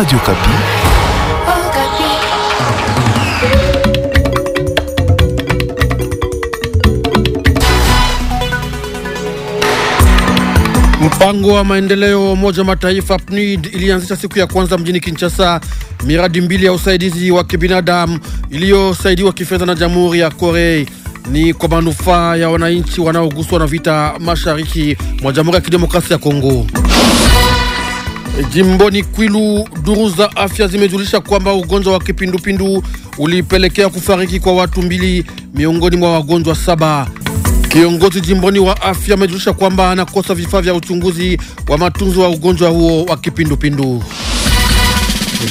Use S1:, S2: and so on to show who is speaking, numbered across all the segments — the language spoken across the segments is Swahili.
S1: Radio Kapi. Oh, Kapi.
S2: Mpango wa maendeleo wa Umoja Mataifa PNUD ilianzisha siku ya kwanza mjini Kinshasa miradi mbili ya usaidizi wa kibinadamu iliyosaidiwa kifedha na Jamhuri ya Korea ni kwa manufaa ya wananchi wanaoguswa na vita mashariki mwa Jamhuri ya Kidemokrasia ya Kongo. Jimboni Kwilu, duru za afya zimejulisha kwamba ugonjwa wa kipindupindu ulipelekea kufariki kwa watu mbili miongoni mwa wagonjwa saba. Kiongozi jimboni wa afya amejulisha kwamba anakosa vifaa vya uchunguzi wa matunzo wa ugonjwa huo wa kipindupindu.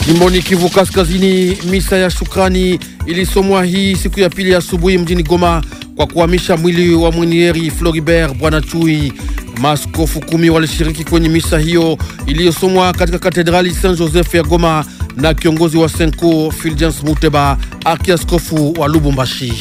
S2: Jimboni Kivu Kaskazini, misa ya shukrani ilisomwa hii siku ya pili asubuhi mjini Goma kwa kuhamisha mwili wa mwinieri Floribert Bwana Chui maskofu kumi walishiriki kwenye misa hiyo iliyosomwa katika katedrali Saint Joseph ya Goma na kiongozi wa Senko Fulgence Muteba akiaskofu wa Lubumbashi.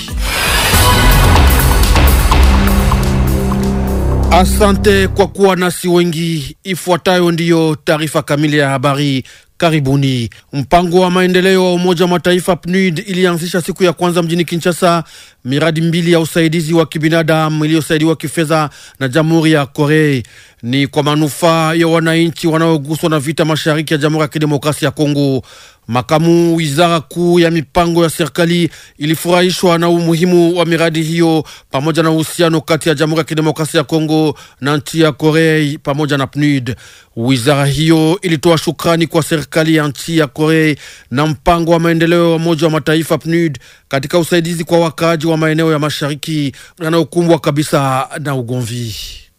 S2: Asante kwa kuwa nasi wengi. Ifuatayo ndiyo taarifa kamili ya habari. Karibuni. Mpango wa maendeleo wa Umoja wa Mataifa PNUD ilianzisha siku ya kwanza mjini Kinshasa miradi mbili ya usaidizi wa kibinadamu iliyosaidiwa kifedha na Jamhuri ya Korea. Ni kwa manufaa ya wananchi wanaoguswa na vita mashariki ya Jamhuri ya Kidemokrasia ya Kongo. Makamu wizara kuu ya mipango ya serikali ilifurahishwa na umuhimu wa miradi hiyo pamoja na uhusiano kati ya Jamhuri ya Kidemokrasia ya Kongo na nchi ya Korea pamoja na PNUD. Wizara hiyo ilitoa shukrani kwa serikali ya nchi ya Korea na mpango wa maendeleo wa Umoja wa Mataifa PNUD katika usaidizi kwa wakaaji wa maeneo ya mashariki yanayokumbwa kabisa na ugomvi.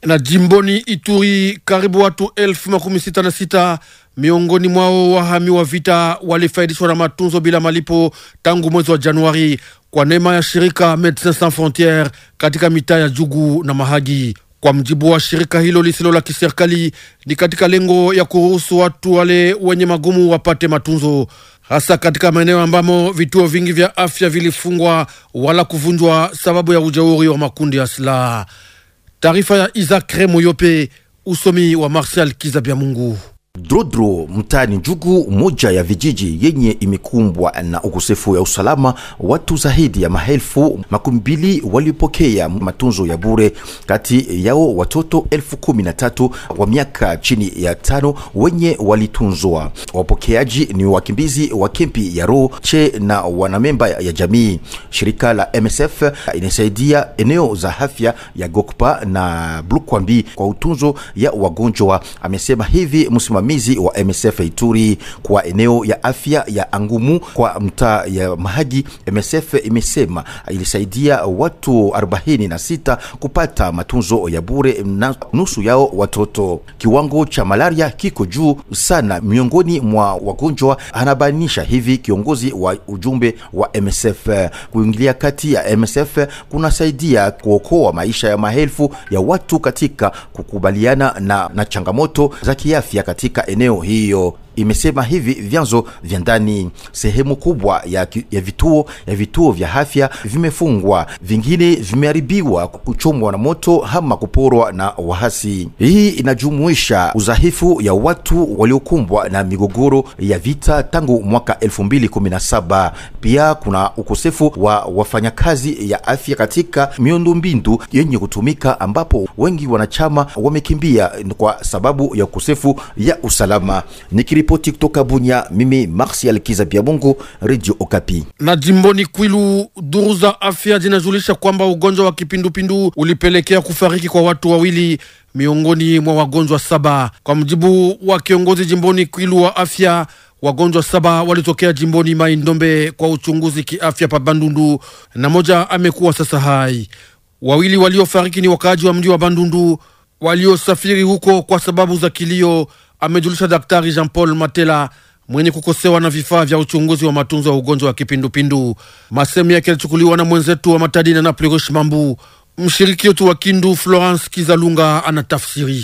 S2: Na jimboni Ituri, karibu watu elfu makumi sita na sita Miongoni mwao wahami wa vita walifaidishwa na matunzo bila malipo tangu mwezi wa Januari kwa neema ya shirika Medecins Sans Frontieres katika mitaa ya Jugu na Mahagi. Kwa mjibu wa shirika hilo lisilo la kiserikali, ni katika lengo ya kuruhusu watu wale wenye magumu wapate matunzo, hasa katika maeneo ambamo vituo vingi vya afya vilifungwa wala kuvunjwa sababu ya ujeuri wa makundi ya silaha. Taarifa ya Isaac Remoyope, usomi wa Martial Kizabiamungu.
S3: Drodro mtaani Njugu, moja ya vijiji yenye imekumbwa na ukosefu ya usalama. Watu zaidi ya maelfu makumi mbili walipokea matunzo ya bure, kati yao watoto elfu kumi na tatu wa miaka chini ya tano wenye walitunzwa. Wapokeaji ni wakimbizi wa kempi ya Roche na wanamemba ya jamii. Shirika la MSF inasaidia eneo za afya ya Gokpa na Blukwambi kwa utunzo ya wagonjwa. Amesema hivi msima usimamizi wa MSF Ituri kwa eneo ya afya ya Angumu kwa mtaa ya Mahagi. MSF imesema ilisaidia watu 46 kupata matunzo ya bure na nusu yao watoto. Kiwango cha malaria kiko juu sana miongoni mwa wagonjwa, anabainisha hivi kiongozi wa ujumbe wa MSF. Kuingilia kati ya MSF kunasaidia kuokoa maisha ya maelfu ya watu katika kukubaliana na, na changamoto za kiafya katika katika eneo hiyo imesema hivi vyanzo vya ndani. Sehemu kubwa ya, ya vituo ya vituo vya afya vimefungwa, vingine vimeharibiwa, kuchomwa na moto ama kuporwa na wahasi. Hii inajumuisha udhaifu ya watu waliokumbwa na migogoro ya vita tangu mwaka 2017. Pia kuna ukosefu wa wafanyakazi ya afya katika miundombinu yenye kutumika, ambapo wengi wanachama wamekimbia kwa sababu ya ukosefu ya usalama Nikiri Nikiripoti kutoka Bunya, mimi Martial Kizabia Bongo, Radio Okapi.
S2: Na jimboni Kwilu, duru za afya zinajulisha kwamba ugonjwa wa kipindupindu ulipelekea kufariki kwa watu wawili miongoni mwa wagonjwa saba. Kwa mjibu wa kiongozi jimboni Kwilu wa afya, wagonjwa saba walitokea jimboni Mai Ndombe kwa uchunguzi kiafya pa Bandundu, na moja amekuwa sasa hai. Wawili waliofariki ni wakaaji wa mji wa Bandundu waliosafiri huko kwa sababu za kilio amejulisha Daktari Jean Paul Matela mwenye kukosewa na vifaa vya uchunguzi wa matunzo ya ugonjwa wa kipindupindu. Masemi yake yalichukuliwa na mwenzetu wa Matadina na Plerosh Mambu. Mshiriki wetu wa Kindu Florence Kizalunga anatafsiri.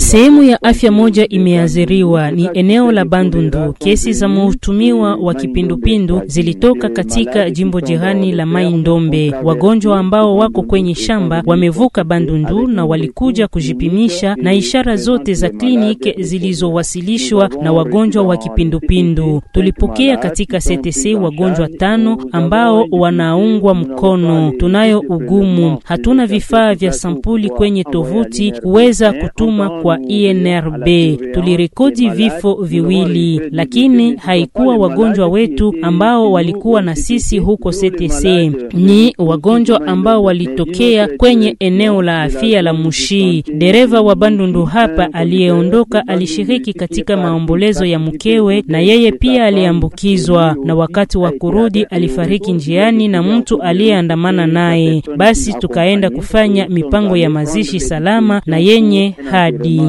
S4: Sehemu ya afya moja imeathiriwa, ni eneo la Bandundu. Kesi za mhutumiwa wa kipindupindu zilitoka katika jimbo jirani la Mai Ndombe. Wagonjwa ambao wako kwenye shamba wamevuka Bandundu na walikuja kujipimisha, na ishara zote za kliniki zilizowasilishwa na wagonjwa wa kipindupindu. Tulipokea katika CTC wagonjwa tano ambao wanaungwa mkono. Tunayo ugumu, hatuna vifaa vya sampuli kwenye tovuti kuweza eh, kutuma kwa INRB. Tulirekodi vifo viwili, lakini haikuwa wagonjwa wetu ambao walikuwa na sisi huko CTC, ni wagonjwa ambao walitokea kwenye eneo la afya la Mushi. Dereva wa Bandundu hapa aliyeondoka alishiriki katika maombolezo ya mkewe, na yeye pia aliambukizwa, na wakati wa kurudi alifariki njiani na mtu aliyeandamana naye. Basi tukaenda kufanya mipa mipango ya mazishi salama na yenye hadi.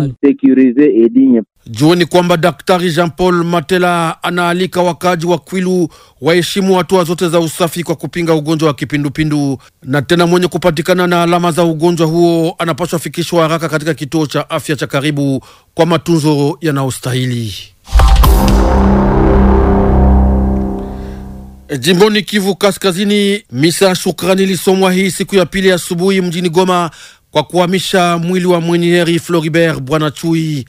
S2: Jueni kwamba Daktari Jean Paul Matela anaalika wakaaji wa Kwilu waheshimu hatua zote za usafi kwa kupinga ugonjwa wa kipindupindu, na tena mwenye kupatikana na alama za ugonjwa huo anapaswa fikishwa haraka katika kituo cha afya cha karibu kwa matunzo yanayostahili. Eh, jimboni Kivu Kaskazini, misa ya shukrani ilisomwa hii siku ya pili asubuhi mjini Goma kwa kuhamisha mwili wa mwenyeheri Floribert Bwana Chui.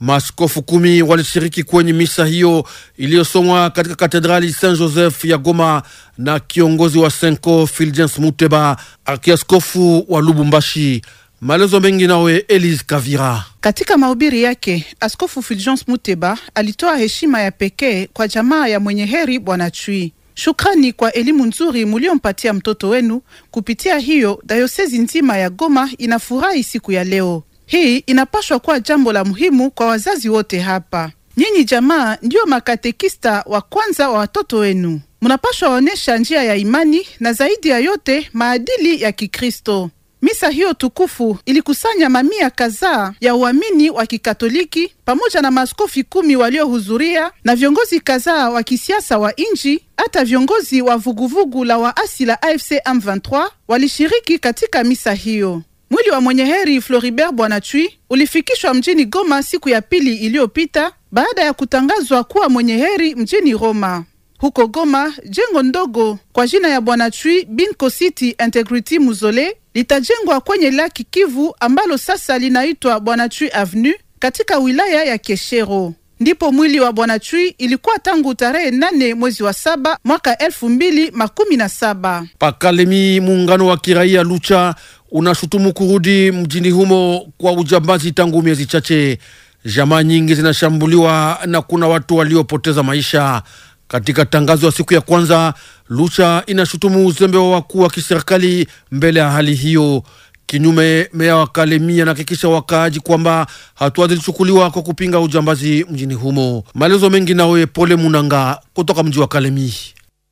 S2: Maaskofu kumi walishiriki kwenye misa hiyo iliyosomwa katika katedrali Saint Joseph ya Goma na kiongozi wa Senko Fulgence Muteba, arkiaskofu wa Lubumbashi. Maelezo mengi nawe Elise Kavira.
S5: Katika mahubiri yake Askofu Fulgence Muteba alitoa heshima ya pekee kwa jamaa ya mwenye heri Bwana Chui. Shukrani kwa elimu nzuri muliompatia mtoto wenu. Kupitia hiyo, dayosezi nzima ya Goma inafurahi siku ya leo hii. Inapashwa kuwa jambo la muhimu kwa wazazi wote hapa. Nyinyi jamaa ndiyo makatekista wa kwanza wa watoto wenu, munapashwa waonyesha njia ya imani na zaidi ya yote maadili ya Kikristo. Misa hiyo tukufu ilikusanya mamia kadhaa ya uamini wa Kikatoliki pamoja na maaskofi kumi waliohudhuria na viongozi kadhaa wa kisiasa wa nchi, hata viongozi wa vuguvugu la waasi la AFC M23 walishiriki katika misa hiyo. Mwili wa mwenye heri Floribert Bwanachui ulifikishwa mjini Goma siku ya pili iliyopita baada ya kutangazwa kuwa mwenye heri mjini Roma. Huko Goma, jengo ndogo kwa jina ya Bwana Chui Binko City Integrity Muzole litajengwa kwenye laki Kivu ambalo sasa linaitwa Bwana Chui Avenue katika wilaya ya Keshero. Ndipo mwili wa Bwana Chui ilikuwa tangu tarehe nane mwezi wa saba mwaka elfu mbili makumi na saba.
S2: Pakalemi, muungano wa kiraia Lucha unashutumu kurudi mjini humo kwa ujambazi tangu miezi chache. Jamaa nyingi zinashambuliwa na kuna watu waliopoteza maisha. Katika tangazo ya siku ya kwanza, Lucha inashutumu uzembe wa wakuu wa kiserikali mbele ya hali hiyo. Kinyume, meya wa Kalemi anahakikisha wakaaji kwamba hatua zilichukuliwa kwa kupinga ujambazi mjini humo. Maelezo mengi nawe Pole Munanga
S6: kutoka mji wa Kalemi.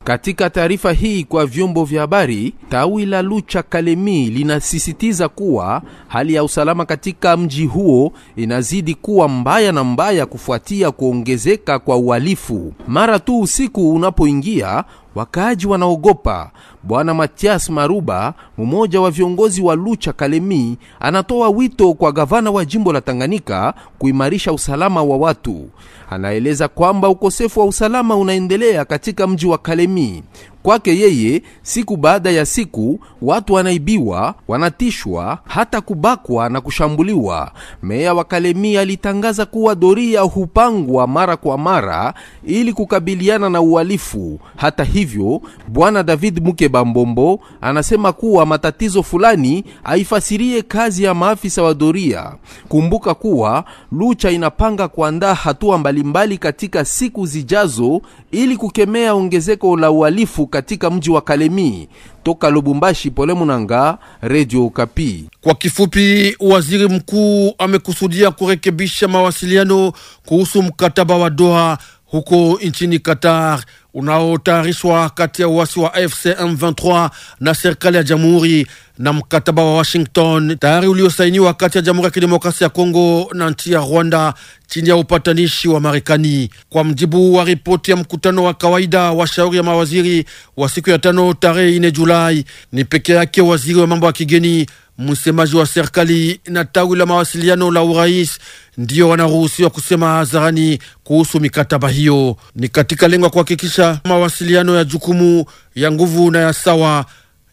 S6: Katika taarifa hii kwa vyombo vya habari, tawi la Lucha Kalemi linasisitiza kuwa hali ya usalama katika mji huo inazidi kuwa mbaya na mbaya kufuatia kuongezeka kwa uhalifu. Mara tu usiku unapoingia, Wakaaji wanaogopa. Bwana Matias Maruba, mmoja wa viongozi wa Lucha Kalemi, anatoa wito kwa gavana wa jimbo la Tanganyika kuimarisha usalama wa watu. Anaeleza kwamba ukosefu wa usalama unaendelea katika mji wa Kalemi. Kwake yeye, siku baada ya siku, watu wanaibiwa, wanatishwa, hata kubakwa na kushambuliwa. Meya wa Kalemi alitangaza kuwa doria hupangwa mara kwa mara ili kukabiliana na uhalifu. Hata hivyo, bwana David Mukeba Mbombo anasema kuwa matatizo fulani haifasirie kazi ya maafisa wa doria. Kumbuka kuwa Lucha inapanga kuandaa hatua mbalimbali katika siku zijazo ili kukemea ongezeko la uhalifu katika mji wa Kalemi. Toka Lubumbashi, Pole Munanga, Radio kapi Kwa kifupi, waziri mkuu amekusudia
S2: kurekebisha mawasiliano kuhusu mkataba wa Doha huko nchini Qatar unaotayarishwa kati ya uasi wa AFC M23 na serikali ya jamhuri na mkataba wa Washington tayari uliosainiwa kati ya Jamhuri ya Kidemokrasia ya Kongo na nchi ya Rwanda chini ya upatanishi wa Marekani. Kwa mjibu wa ripoti ya mkutano wa kawaida wa shauri ya mawaziri wa siku ya tano tarehe 4 Julai, ni peke yake waziri wa mambo ya kigeni Msemaji wa serikali na tawi la mawasiliano la urais ndiyo wanaruhusiwa kusema hadharani kuhusu mikataba hiyo. Ni katika lengo ya kuhakikisha mawasiliano ya jukumu ya nguvu na ya sawa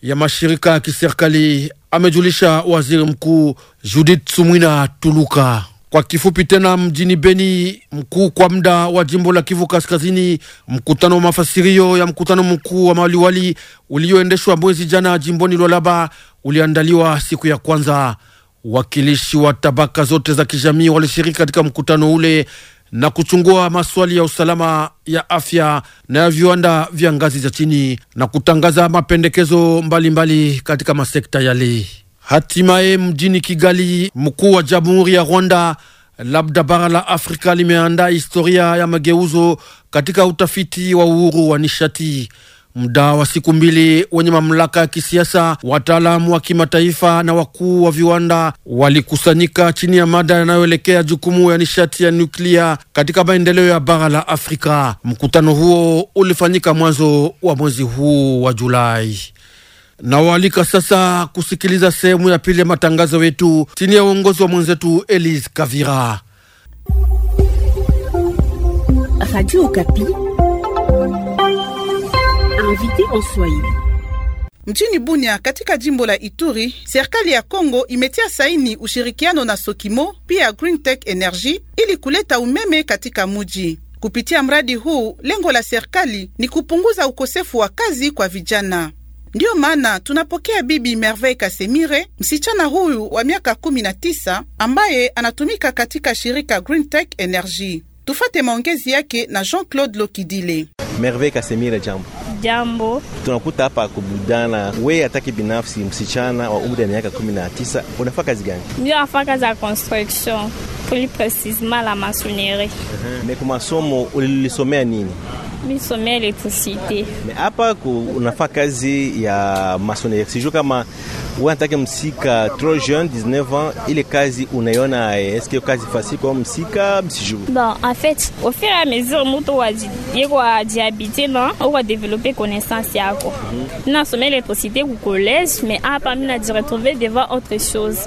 S2: ya mashirika ya kiserikali, amejulisha waziri mkuu Judith Sumwina Tuluka. Kwa kifupi tena, mjini Beni, mkuu kwa muda wa jimbo la Kivu Kaskazini, mkutano wa mafasirio ya mkutano mkuu wa maliwali ulioendeshwa mwezi jana jimboni Lualaba uliandaliwa siku ya kwanza. Wakilishi wa tabaka zote za kijamii walishiriki katika mkutano ule na kuchungua maswali ya usalama ya afya na ya viwanda vya ngazi za chini na kutangaza mapendekezo mbalimbali mbali katika masekta yale. Hatimaye mjini Kigali, mkuu wa jamhuri ya Rwanda, labda bara la Afrika limeandaa historia ya mageuzo katika utafiti wa uhuru wa nishati muda wa siku mbili. Wenye mamlaka ya kisiasa, wataalamu wa kimataifa na wakuu wa viwanda walikusanyika chini ya mada yanayoelekea jukumu ya nishati ya nuklia katika maendeleo ya bara la Afrika. Mkutano huo ulifanyika mwanzo wa mwezi huu wa Julai. Nawaalika sasa kusikiliza sehemu ya pili ya matangazo yetu chini ya uongozi wa mwenzetu Elise Kavira.
S5: Radio invité en Swahili. Mjini Bunia katika jimbo la Ituri, serikali ya Kongo imetia saini ushirikiano na Sokimo pia Green Tech Energy ili kuleta umeme katika muji. Kupitia mradi huu, lengo la serikali ni kupunguza ukosefu wa kazi kwa vijana. Ndiyo maana tunapokea bibi Merveille Kasemire, msichana huyu wa miaka 19 ambaye anatumika katika shirika Green Tech Energy. Tufate maongezi yake na Jean-Claude Lokidile.
S7: Merveille Kasemire, jambo. Jambo, tunakuta hapa kubudana. Wewe hataki binafsi, msichana wa umri wa miaka kumi na tisa, unafaa kazi gani?
S8: Ndio nafaa kazi ya construction plus precisement la maçonnerie. masonerie.
S7: Uh-huh. Me kwa masomo ulilisomea nini?
S8: Misomea electricite.
S7: Me hapa unafaa kazi ya maçonnerie, sijui kama Unataka msika trop jeune, 19 ans, il est quasi kazi unaiona est-ce que kazi facile Sika msika msijuu?
S8: Bon, en fait, au fur et à mesure mtu yeko ajihabite na uko develope connaissance yako. Mm -hmm. Na somele possibilité collège mais a ah, parmi na di retrouver devant autre chose.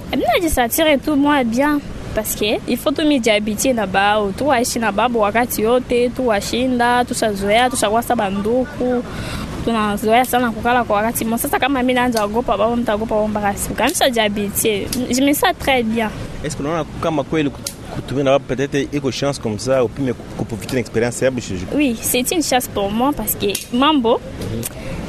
S8: Mimi najisatiri tu moi bien parce que il faut tumijiabitie na bao tuwaishi na babu wakati yote, tuwashinda, tushazoea, tushakuwa saba nduku tunazoea sana kukala kwa wakati mo Sasa kama mimi naanza oh, ogopa oh, baba, mtaogopa wao mpaka siku kanisha jabitie. Je me sens très bien.
S7: Est-ce que unaona kama kweli kutumia na peut-être iko chance comme ça upime kuprofiter une expérience yabo chez hein,
S8: Oui, c'est une chance pour moi parce que mambo mm
S7: -hmm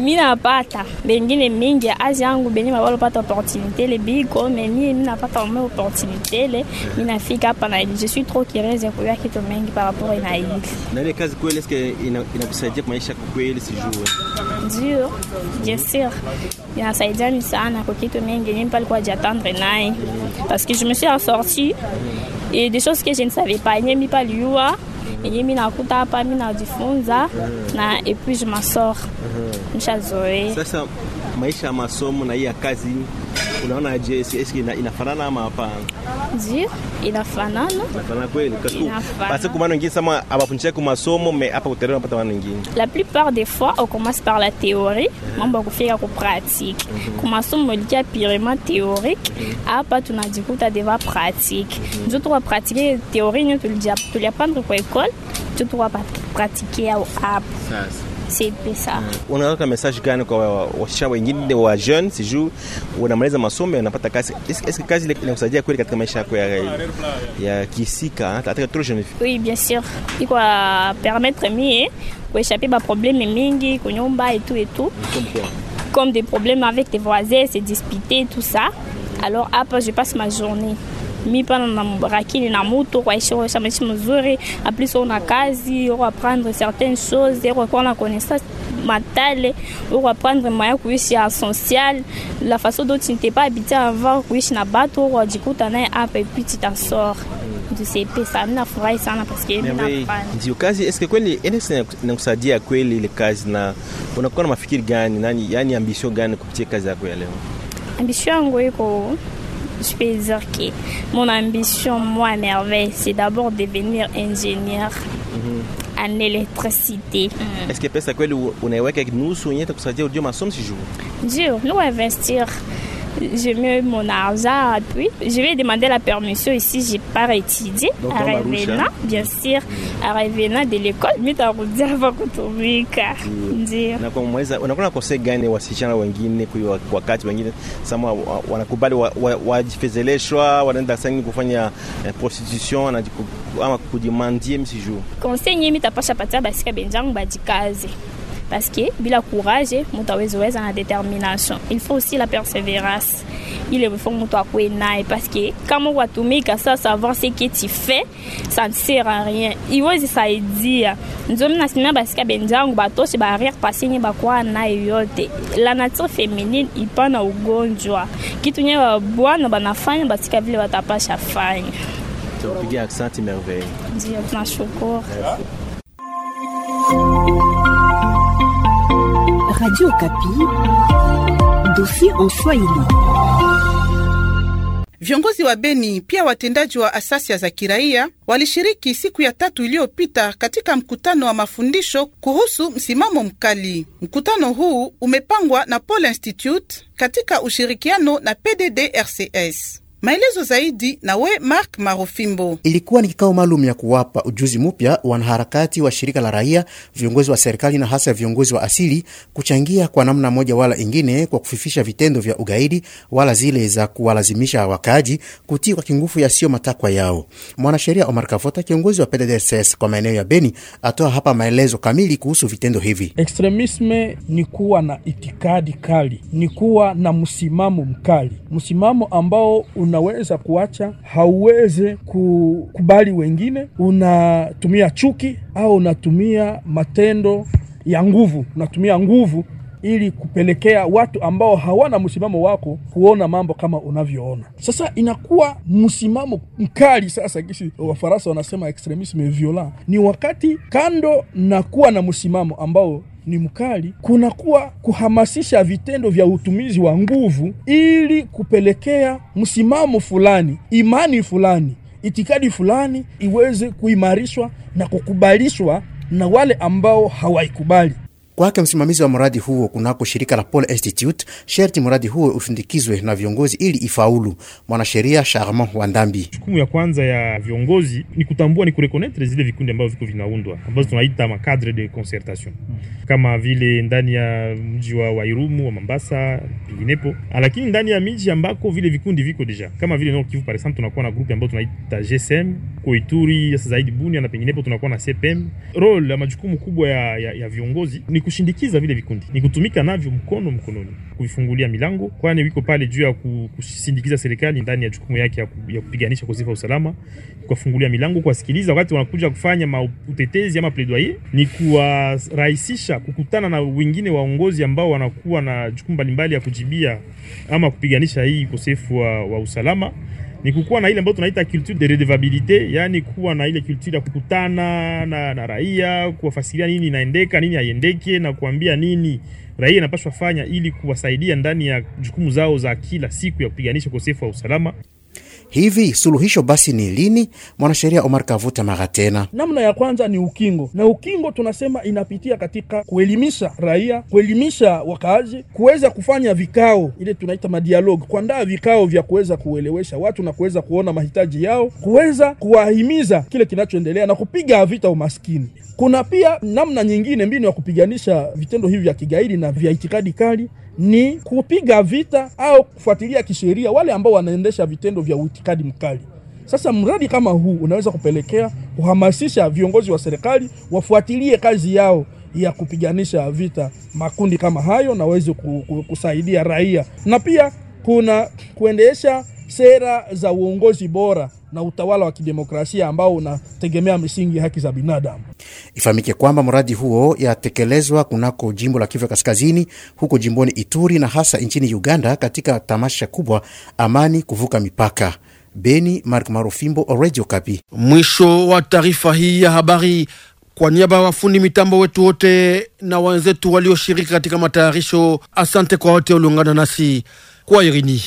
S8: mimi napata bengine mingi ya azi yangu benye babalopata opportunité le biko me mie mimi napata ome opportunité le mimi hapa na je suis trop curieuse ya kujua kitu mengi par rapport na hili
S7: na ile kazi kweli eske inakusaidia kwa maisha kweli sijue
S8: ndio bien sûr inasaidiani sana kwa kitu mingi yenye palikuwa jatendre naye parce que je me suis assortie et des choses que je ne savais pas yenye mipaliua yenye mi nakuta hapa, mi najifunza na epuis je masor mhm. nishazoe.
S7: Sasa maisha ya masomo na hii ya kazi Unaona je, eski ina, inafanana ama hapana?
S8: Ndio, inafanana.
S7: Inafanana kweli. Kasi parce que mwana ngine sama abafunchia ku masomo me hapa kutere unapata mwana ngine.
S8: La plupart des fois on commence par la théorie, mambo kufika ku pratique. Mhm. Ku masomo dia purement théorique, mhm. hapa tunajikuta deva pratique. Mhm. Ndio tu pratiquer théorie nyo tulia tulia pande kwa école, tu tu pratiquer au app. Sasa c'est pesa.
S7: Mm. Unaweka message gani kwa wasichana wengine wa jeunes siju wanamaliza masomo wanapata kazi? Est-ce que kazi ile inakusaidia kweli katika maisha yako ya ya kisika hata trop jeune
S8: Oui, bien sûr. Iko permettre mie kueshape hein, ba problème mingi kunyumba et tout et tout. Comme des problèmes avec tes voisins, se disputer tout ça. Alors après je passe ma journée mi pana narakini na mutu kwaisha sha maishi mzuri aplis ona kazi oko aprendre certaines choses oko kuwa na connaissance matale oko aprendre maya kuishi ya social la façon dont tu n'étais pas habité avant kuishi na bato oko ajikuta naye apa epuis tu t'en sors tusepesa minafurahi sana paske
S7: ndio kazi eske kweli NS inakusaidia kweli ile kazi na unakuwa na mafikiri gani nani yani ambisio gani kupitia kazi yako ya leo
S8: ambisio yangu iko je peux dire que mon ambition, moi, à merveille, c'est d'abord devenir ingénieur. Mhm. en électricité. Mhm. est-ce
S7: que pesa kweli dire « Dieu, nous sommes ujue masomo jours?
S8: Dieu, nous investir j'ai mis mon argent puis je vais demander la permission ici, j'ai pas étudié. À là, bien sûr, à là de l'école, ne Ndio. Na
S7: de kose wasichana wengine kwa wakati wengine sama wanakubali wajifezeleshwa wanaenda sangi kufanya prostitution na ama kujimandie msiju.
S8: Conseil tapasha patia basika benjangu badikaze. Parce Paske bila courage mutu awezoweza na determination. Il faut aussi la persévérance. Il faut mutu akuwe naye paske kama watumika sa savoir ce que tu fais, ça ne sert à rien. Iwezi saidia. Nzomi nasimia basika benjangu batoshe barrière pasi nye bakuwa naye yote. La nature féminine ipana ugonjwa. Kitu nye babwana banafanya basika vile watapasha fanya.
S7: Tupige aksanti merveille.
S8: Ndio tunashukuru.
S5: Radio Kapi, dossier en Swahili. Viongozi wa Beni pia watendaji wa asasi za kiraia walishiriki siku ya tatu iliyopita katika mkutano wa mafundisho kuhusu msimamo mkali. Mkutano huu umepangwa na Paul Institute katika ushirikiano na PDDRCS. Maelezo zaidi nawe Mark Marofimbo.
S9: Ilikuwa ni kikao maalum ya kuwapa ujuzi mpya wanaharakati wa shirika la raia, viongozi wa serikali na hasa viongozi wa asili, kuchangia kwa namna moja wala ingine kwa kufifisha vitendo vya ugaidi wala zile za kuwalazimisha wakaaji kutii kwa kingufu yasiyo matakwa yao. Mwanasheria Omar Kavota, kiongozi wa PDDSS kwa maeneo ya Beni, atoa hapa maelezo kamili kuhusu vitendo hivi.
S10: Ekstremisme ni kuwa na itikadi kali, ni kuwa na msimamo mkali, msimamo ambao un unaweza kuacha, hauwezi kukubali wengine, unatumia chuki au unatumia matendo ya nguvu, unatumia nguvu ili kupelekea watu ambao hawana msimamo wako kuona mambo kama unavyoona. Sasa inakuwa msimamo mkali sasa, kisi Wafaransa wanasema extremisme violent. Ni wakati kando na kuwa na msimamo ambao ni mkali, kunakuwa kuhamasisha vitendo vya utumizi wa nguvu ili kupelekea msimamo fulani, imani fulani, itikadi fulani iweze kuimarishwa na kukubalishwa na wale ambao hawaikubali. Kwake msimamizi wa mradi huo kunako shirika la Paul Institute, sherti mradi
S9: huo usindikizwe na viongozi ili ifaulu. Mwanasheria Charmant Ndambi:
S1: jukumu ya kwanza ya viongozi ni kutambua, ni kurekonetre zile vikundi ambavyo viko vinaundwa ambazo tunaita makadre de concertation, hmm. kama vile ndani ya mji wa Wairumu wa Mambasa penginepo, lakini ndani ya miji ambako vile vikundi viko deja, kama vile Nord Kivu par exemple, tunakuwa na grupi ambayo tunaita GSM Koituri, sasa zaidi Bunia na penginepo tunakuwa na CPM. Role ya majukumu kubwa ya, ya, ya viongozi ni kushindikiza vile vikundi, ni kutumika navyo mkono mkononi, kuvifungulia milango, kwani wiko pale juu ya kusindikiza serikali ndani ya jukumu yake ya kupiganisha ukosefu wa usalama, kuwafungulia milango, kuwasikiliza wakati wanakuja kufanya mautetezi ama plaidoyer, ni kuwarahisisha kukutana na wengine waongozi ambao wanakuwa na jukumu mbalimbali ya kujibia ama kupiganisha hii ukosefu wa, wa usalama ni kukuwa na ile ambayo tunaita culture de redevabilite, yani kuwa na ile culture ya kukutana na, na raia kuwafasiria nini inaendeka nini haiendeke na kuambia nini raia inapaswa fanya ili kuwasaidia ndani ya jukumu zao za kila siku ya kupiganisha ukosefu wa usalama.
S9: Hivi suluhisho basi ni lini? Mwanasheria Omar Kavuta tena,
S10: namna ya kwanza ni ukingo, na ukingo tunasema inapitia katika kuelimisha raia, kuelimisha wakazi kuweza kufanya vikao, ile tunaita madialogi, kuandaa vikao vya kuweza kuelewesha watu na kuweza kuona mahitaji yao, kuweza kuwahimiza kile kinachoendelea na kupiga vita umaskini. Kuna pia namna nyingine, mbinu ya kupiganisha vitendo hivi vya kigaidi na vya itikadi kali ni kupiga vita au kufuatilia kisheria wale ambao wanaendesha vitendo vya uitikadi mkali. Sasa mradi kama huu unaweza kupelekea kuhamasisha viongozi wa serikali wafuatilie kazi yao ya kupiganisha vita makundi kama hayo na waweze kusaidia raia, na pia kuna kuendesha sera za uongozi bora na utawala wa kidemokrasia ambao unategemea misingi ya haki za binadamu.
S9: Ifahamike kwamba mradi huo yatekelezwa kunako jimbo la Kivu Kaskazini, huko jimboni Ituri na hasa nchini Uganda, katika tamasha kubwa Amani Kuvuka Mipaka. Beni Mark Marufimbo, Radio Kapi. Mwisho wa taarifa hii ya habari. Kwa niaba ya wafundi mitambo wetu
S2: wote na wenzetu walioshiriki katika matayarisho, asante kwa wote uliungana nasi kwa irini.